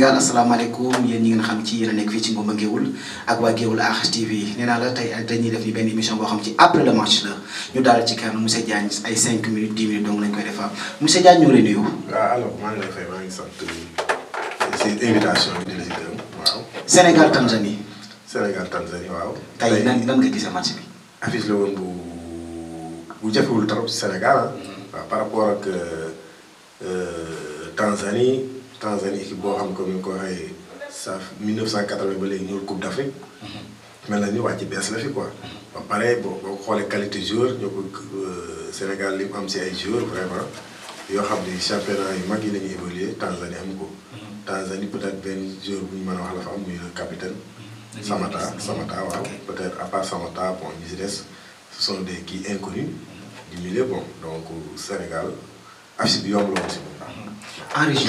Sénégal asalaamaaleykum yéen ñi ngeen xam ci yéen a nekk fii ci Ngoumba Géoul ak waa Géoul AH TV nee naa la tey dañuy def ni benn émission boo xam ci après le match la ñu daal ci kenn monsieur Diagne ay 5 minutes 10 minutes donc lañ koy defar monsieur Diagne ñoo lay nuyu. waaw ah, alors maa ngi lay fay maa ngi sant si euh, invitation bi di la si gërëm waaw. Sénégal Tanzanie. Sénégal Tanzanie waaw. tey nan nan nga gisee match bi. affiche la woon bu bu jafewul trop Sénégal ah. waaw par rapport ak euh, euh, Tanzanie. Tanzanie qui boit xam comme ni ko sa 1980 ba léegi Coupe d'Afrique mm-hmm. mais na ni wàcc bees la fi quoi. pareil bon on boo les qualité joueurs donc euh, Sénégal li mu am si ay joueurs vraiment il xam a championnat yu mag yi la ñuy évoluer Tanzanie amu ko. Mm-hmm. Tanzanie peut-être ben joueur bu ñu mën wax la fa am muy le capitaine. Mm-hmm. Samata Samata peut-être à part Samata bon ñi des ce sont des qui inconnus du milieu bon donc Sénégal affiche bi yomb la en région.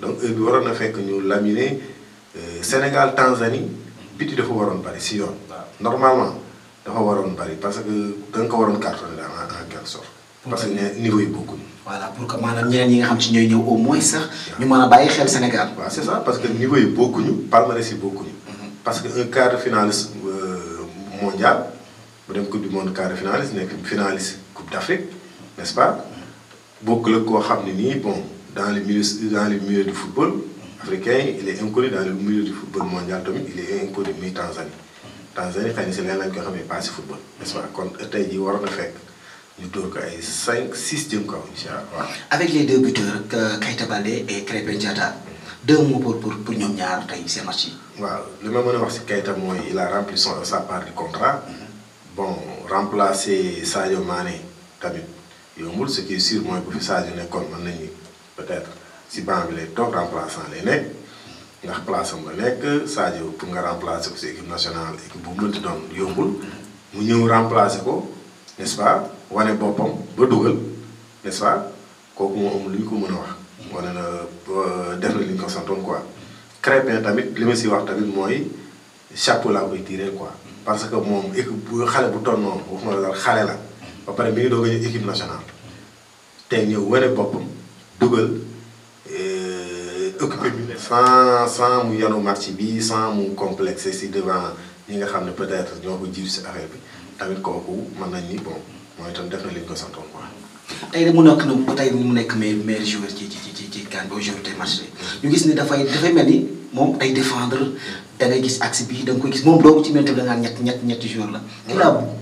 donc heure bi waroon na fekk ñu laminer Sénégal Tanzanie biti dafa waroon bari si yoon. normalement dafa on bari parce que da nga ko waroon cartonné daal en quelque sorte. parce que niveau yi bokkuñu. voilà pour que maanaam ñeneen ñi nga xam ci ñooy ñëw au moins sax. ñu mën a bàyyi xel Sénégal. c'est ça parce que niveau yi bokkuñu palmarès yi bokkuñu. Mhm. parce que un quart de finaliste euh, mondial bu dem coupe du monde quart de finaliste nekk finaliste coupe d'Afrique n'est-ce pas beaucoup le coup à ne bon dans le milieu, dans le milieu du football africain, il est inconnu dans le milieu du football mondial il est inconnu mais Tanzanie Tanzanie c'est l'un si leen lañ pas si football cest ce pas kon tey jii waroon ay 5 6 jëm avec les deux buteurs Keita Baldé et Krépin Djata, deux mots pour pour pour ñoom ñaar tey c'est match waaw li a Keita il a rempli son sa part du contrat. bon remplacer Sadio Mané ce qui est sûr mooy bu fi Sadio nekkoon mën nañu. peut-être si banc bi lay toog remplaçant lay nekk ndax place am la nekk Sadio pour nga remplacer ko si équipe nationale équipe bu mu mënti doon yombul mu ñëw remplacer ko n'est-ce pas wane boppam ba dugal nest kooku moo amul ko mën a wax. wane na euh, def na ko santoon quoi. Crépin tamit li ma si wax tamit mooy chapeau laa koy tiré quoi. parce que moom équipe bu xale bu toll noonu waxuma la xale la ba pare mi ngi doog a ñëw équipe nationale te ñëw wane boppam. euh, occupé ah, sans sans marché sans complexe ici devant ñi nga peut-être bi tamit nañ ni bon quoi. joueur ci ci ci ci kan défendre axe bi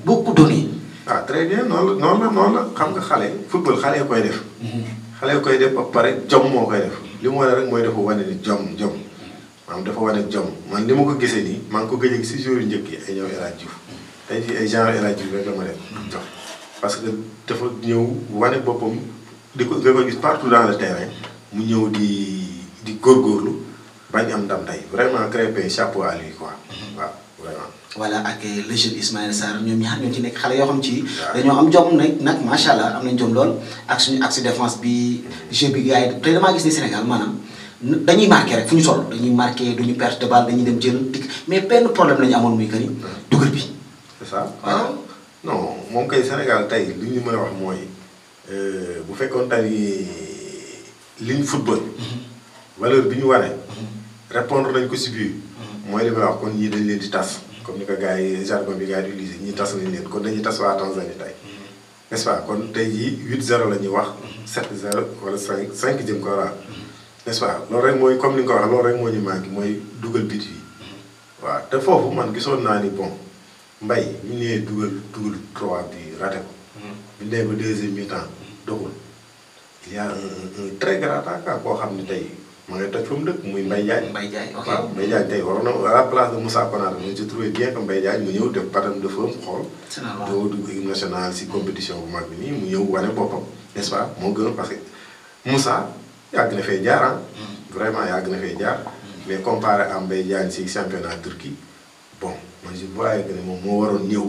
beaucoup donné. ah très bien non, non, xam football xale koy def ba pare jom moo koy def li mu rek mooy dafa wane ni jom jom maanaam dafa wane jom man li ma ko gisee nii maa ngi ko gëj a gis si jours yu njëkk yi ay ñëw El Hadj Diouf tey jii ay genre El Hadj Diouf rek la ma def jox parce que dafa ñëw wane boppam di ko nga koy gis partout dans le terrain mu ñëw di di góorgóorlu bañ am ndam tey vraiment crépé chapeau à lui quoi mm-hmm. waaw vraiment voilà ak le jeune Ismaïla Sarr ñoom ñaar ñoo ci nekk xale yoo xam ci dañoo xam jom nag nag macha allah am nañ jom lool ak suñu axe défense bi jeu bi gars yi tey damaa gis ni Sénégal maanaam dañuy marqué rek fu ñu toll dañuy marqué duñu dem jël tig mais benn problème la ñu amoon muy que ni hmm. dugal bi. c'est ça ah. waaw non moom kay Sénégal tey li ñu mën wax mooy euh, bu fekkoon tey liñ football. Hmm. valeur bi ñu waree. Hmm. répondre nañ ko si biir. mooy li wax kon ñii dañ leen di tas. comme ni ko gars yi jargon bi di utilisé ñi tas nañ leen kon dañuy tas waa Tanzanie tey mm-hmm. nest kon te jii 8-0 la ñuy wax 7-0 mm-hmm. wala 5 5 jëm ko waaw n'est-ce pas loolu rek mooy comme ni nga ko wax loolu rek moo mooy dugal bit yi mm-hmm. waaw te foofu man gisoon naa ni bon mbay ñu nee dugal dugal 3 bi ko bi ñu nee mi-temps doxul il y a un un très grand attaque koo xam ne tey ma ngay toj fa mu dëkk muy Mbaye Diagne. Mbaye Diagne ok waaw tey waroon na à la place de Moussa Konaté mais je trouvais bien que Mbaye Diagne mu ñëw def patam de xool. doo dugg équipe nationale si compétition bu mag bi nii mu ñëw wane boppam n'est-ce pas moo gën parce que Moussa yàgg na fee jaar ah. Mm. vraiment yàgg na fee jaar. Mm. mais comparé à Mbaye Diagne si championnat Turquie bon man je voyais que ne moom moo waroon ñëw.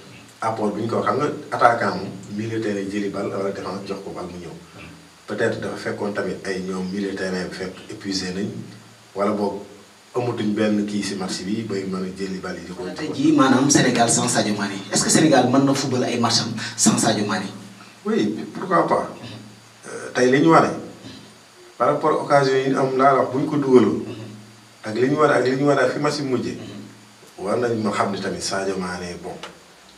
apport buñ ko xam nga attaquant militaire milieu terrain jëli bal wala défense jox ko bal mu ñëw. peut-être dafa fekkoon tamit ay ñoom milieu bi fekk épuisé nañ wala boog amatuñ benn kii si match bi bay mën a jëli bal yi di ko. tey jii maanaam Sénégal sans Sadio Mané est-ce que Sénégal mën na football ay match sans Sadio Mané. oui pourquoi pas euh, tey li ñu wane par rapport occasion yi am laa wax buñ ko dugaloo ak li ñu war ak li ñu war a fi ma bi mujjee mhm. war nañ ma xam ne tamit Sadio Mané bon.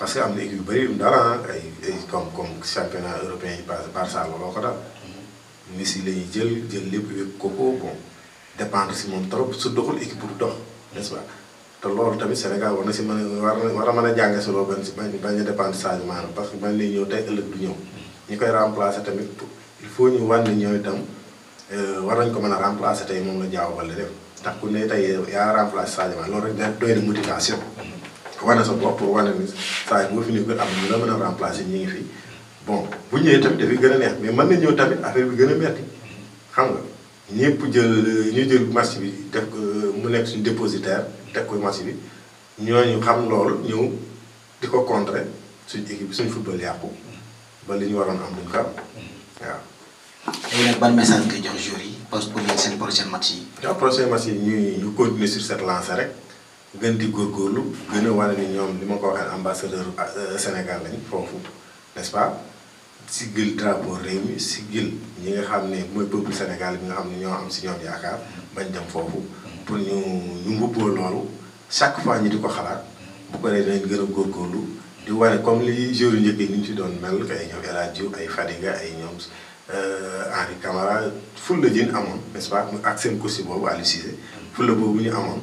parce que am na équipe yu bëri yu mu daal ah, ay ay comme comme championnat européen yi Barça looloo ko daal. Mm-hmm. Messi jël jël lépp wékk si moom trop su doxul équipe du dox nest te loolu tamit Sénégal war si mën a war na war a mën a jànge si loolu bañ bañ a dépendre Sadio parce que bañ lay ñëw tey ëllëg mm-hmm. tamit il faut ñu wàññi euh, war nañ ko mën a remplacer tey moom la Diao Baldé def. ndax ku ne tey yaa remplacer Sadio loolu rek doy na motivation. Mm-hmm. wane sa bopp pour wane ni saa boo fi am ñu a remplacer ñi ngi fi bon bu ñëwee tamit dafay a neex mais mën na ñëw tamit affaire bi a metti xam nga ñëpp jël ñu jël marché bi def mu dépositaire teg ko marché bi ñooñu xam loolu ñëw di contrer équipe football yàqu ba li ñu waroon am duñ ko am waaw. léegi nag message jox que prochain match yi. match yi ñu continuer sur cette lancée rek. gën di góor góorlu gën a wane ni ñoom li ma ko waxee ambassadeur euh, Sénégal lañ foofu n'est-ce pas siggil drapeau réew mi siggil ñi nga xam ne mooy peuple Sénégal bi nga xam ne ñoo am si ñoom yaakaar bañ dem foofu pour ñu ñu mbubboo loolu chaque fois ñu di ko xalaat bu ko ne dinañ gën a góorlu di wane comme li jour yu njëkk yi ñu ci doon mel ay ñoom El Hadj Diouf ay Fadiga ay ñoom euh, Henri Camara fulla ji amoon n'est-ce pas ak seen kursi boobu Aliou Cissé fulla boobu ñu amoon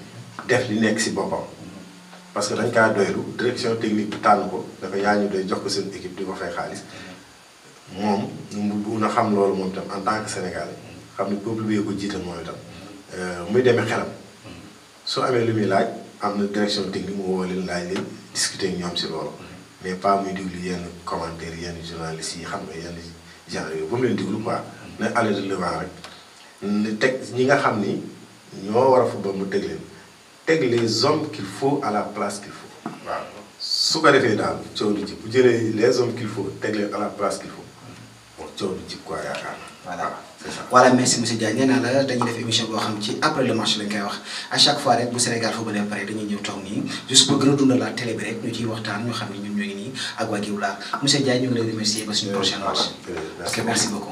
def li nekk si boppam parce que dañ kaa doylu direction technique bi tànn ko dafa yaa ñu doy jox ko seen équipe di ko fay xaalis moom mu mun xam loolu moom tam en tant que sénégalais xam ni peuple bi ko jiital moom itam euh, muy demee xelam soo amee lu muy laaj am na direction technique mu woo leen laaj leen discuter ak ñoom si loolu mais pas muy diglu yenn yi xam nga yenn genre yooyu ba mu leen diglu quoi na aller de l'avant rek teg ñi nga xam ni ñoo war a football mu teg teg les hommes qu'il faut à la place qu'il faut. waaw su ko defee daal coow du jib bu jëlee les hommes qu'il faut teg leen à la place qu'il faut bon coow du jib quoi yaakaar naa. voilà voilà merci monsieur Dia nee naa la dañuy def émission boo xam ci après le match lañ koy wax à chaque fois rek bu Sénégal football ba pare dañuy ñëw toog nii juste pour gën a dundal la télé bi rek ñu ciy waxtaan ñu xam ne ñun ñoo ngi nii ak waa Gueoulart monsieur Dia ñu ngi lay remercier ba suñu euh, prochaine match. Euh, parce merci beaucoup.